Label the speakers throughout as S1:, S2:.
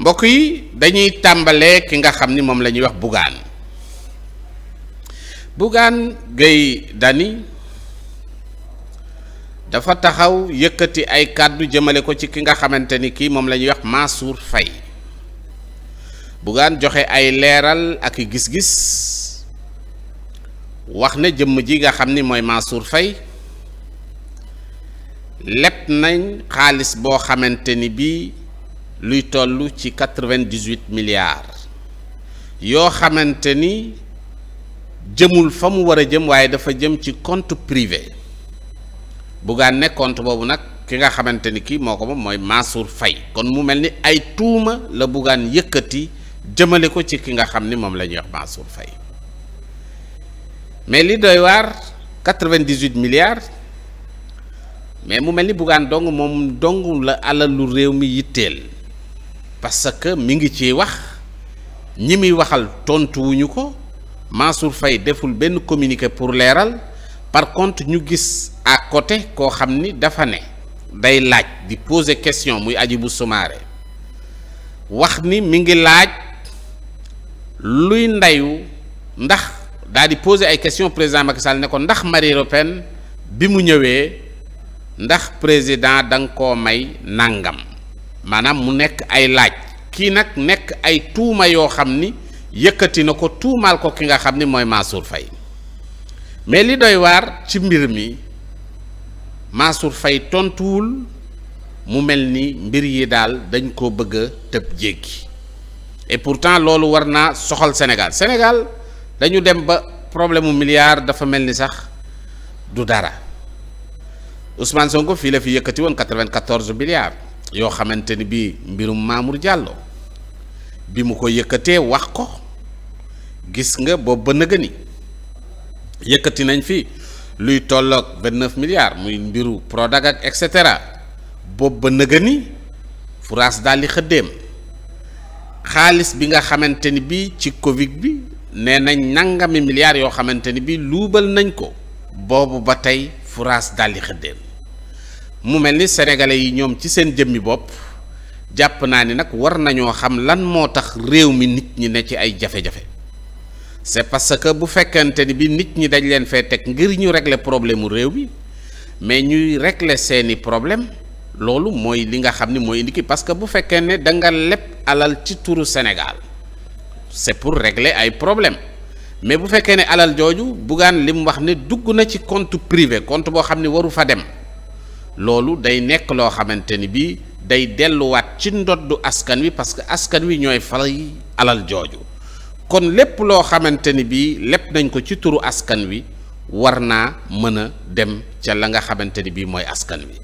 S1: mbokk yi dañuy tàmbalee ki nga xam ni moom lañuy ñuy wax Bougane Bougane Gueye Dany dafa taxaw yëkkati ay kàddu jëmale ko ci ki nga xamante ni kii moom la ñuy wax Mansour Faye Bougane joxe ay leeral ak gis-gis wax na jëmm ji nga xam ni mooy Mansour Faye leb nañ xaalis boo xamante ni bii luy toll ci quatre-vingt-dix-huit milliards yoo xamante ni jëmul fa mu war a jëm waaye dafa jëm ci compte privé Bougane ne compte boobu nag ki nga xamante ni kii moo ko moom mooy Mansour Faye kon mu mel ni ay tuuma la Bougane yëkkati jëmale ko ci ki nga xam ni moom la ñuy wax Mansour Faye mais li doy waar quatre-vingt-dix-huit milliards mais mu mel ni Bougane dong moom dong la alalu réew mi yitteel parce que mi ngi ci wax ñi muy waxal tontuwuñu ko Mansour fay deful benn communiqué pour leeral par contre ñu gis à côté koo xam ni dafa ne day laaj di poser question muy Hadjibou Soumaré wax ni mi ngi laaj luy ndeyu ndax daal di poser ay question président Macky ne ko ndax Marie Le bi mu ñëwee ndax président da nga koo may nangam maanaam mu nekk ay laaj kii nag nekk ay tuuma yoo xam ni yëkkati na ko tuumaal ko ki nga xam ni mooy Mansour fay mais li doy waar ci mbir mi Mansour fay tontuwul mu mel ni mbir yi daal dañ ko bëgg a tëb jéggi et pourtant loolu war naa soxal Sénégal Sénégal dañu dem ba problème mu milliard dafa mel ni sax du dara Ousmane Sonko fii la fi yëkkati woon 94 milliards. yoo xamante ni bii mbirum Mamour Diallo bi mu ko yëkkatee wax ko gis nga boobu ba nëgë yëkkati nañ fi luy tolloog vingt-neuf muy mbiru Prodac ak et cetera boobu ba nëgë ni France daal di xaalis bi nga xamante ni bii ci Covid bi nee nañ nangami milliards yoo xamante ni bii luubal nañ ko boobu ba tey France daal di xëddeem mu mel ni sénégalais yi ñoom ci seen jëmmi bopp jàpp naa ni nag war nañoo xam lan moo tax réew mi nit ñi ne ci ay jafe-jafe c'est parce que bu fekkente ni bi nit ñi dañ leen fee teg ngir ñu régler problème mu réew mi mais ñuy régler seeni problème loolu mooy li nga xam ni mooy indi ki parce que bu fekkee ne da nga leb alal ci turu Sénégal c'est pour régler ay problème mais bu fekkee ne alal jooju buggaan li mu wax ne dugg na ci compte privé compte boo xam ni waru fa dem loolu day nekk loo xamante ni bii day delluwaat ci ndoddu askan wi parce que askan wi ñooy fay alal jooju kon lépp loo xamante ni bii lépp nañ ko ci turu askan wi war naa mën a dem ca la nga xamante ni bii mooy askan wi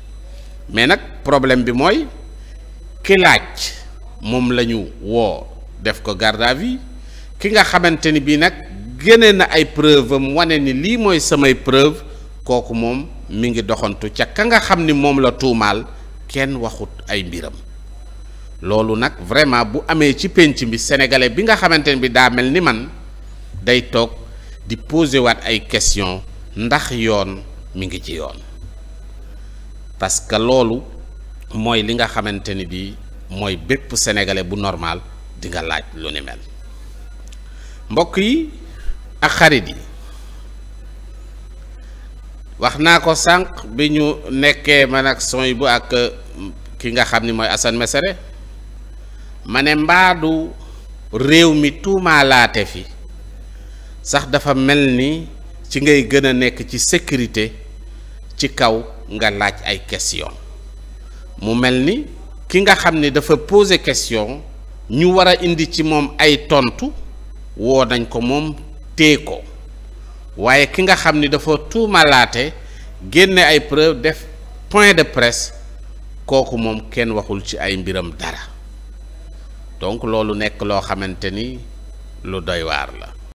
S1: mais nag problème bi mooy ki laaj moom la ñu woo def ko garde à vue ki nga xamante ni bii nag génne na ay preuve am wane ni lii mooy samay preuve kooku moom mi ngi doxantu ca ka nga xam ni moom la tuumaal kenn waxut ay mbiram loolu nag vraiment bu amee ci pénc bi sénégalais bi nga xamante ne bi daa mel ni man day toog di posé waat ay question ndax yoon mi ngi ci yoon parce que loolu mooy li nga xamante ni bi mooy bépp sénégalais bu normal di nga laaj lu ni mel mbokk yi ak xarit yi wax naa ko sànq bi ñu nekkee man ak son bu ak euh, ki nga xam ni mooy Assane Mesere ma ne mbaadu réew mi tuumaalaate fi sax dafa mel ni ci ngay gën a nekk ci sécurité ci kaw nga laaj ay question mu mel ni ki nga xam ni dafa poser question ñu war a indi ci moom ay tontu woo nañ ko moom téye ko waaye ki nga xam ni dafa tuumalaate génne ay preuve def point de presse kooku moom kenn waxul ci ay mbiram dara donc loolu nekk loo xamante ni lu doy waar la